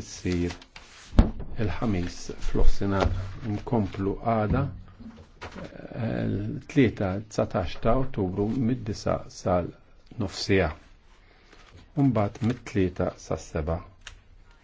issir il-ħamis fl-offsinar nkomplu għada eh, l-3 19 ta' ottubru mid-9 sal-nofsija. Umbat mid-3 sal-7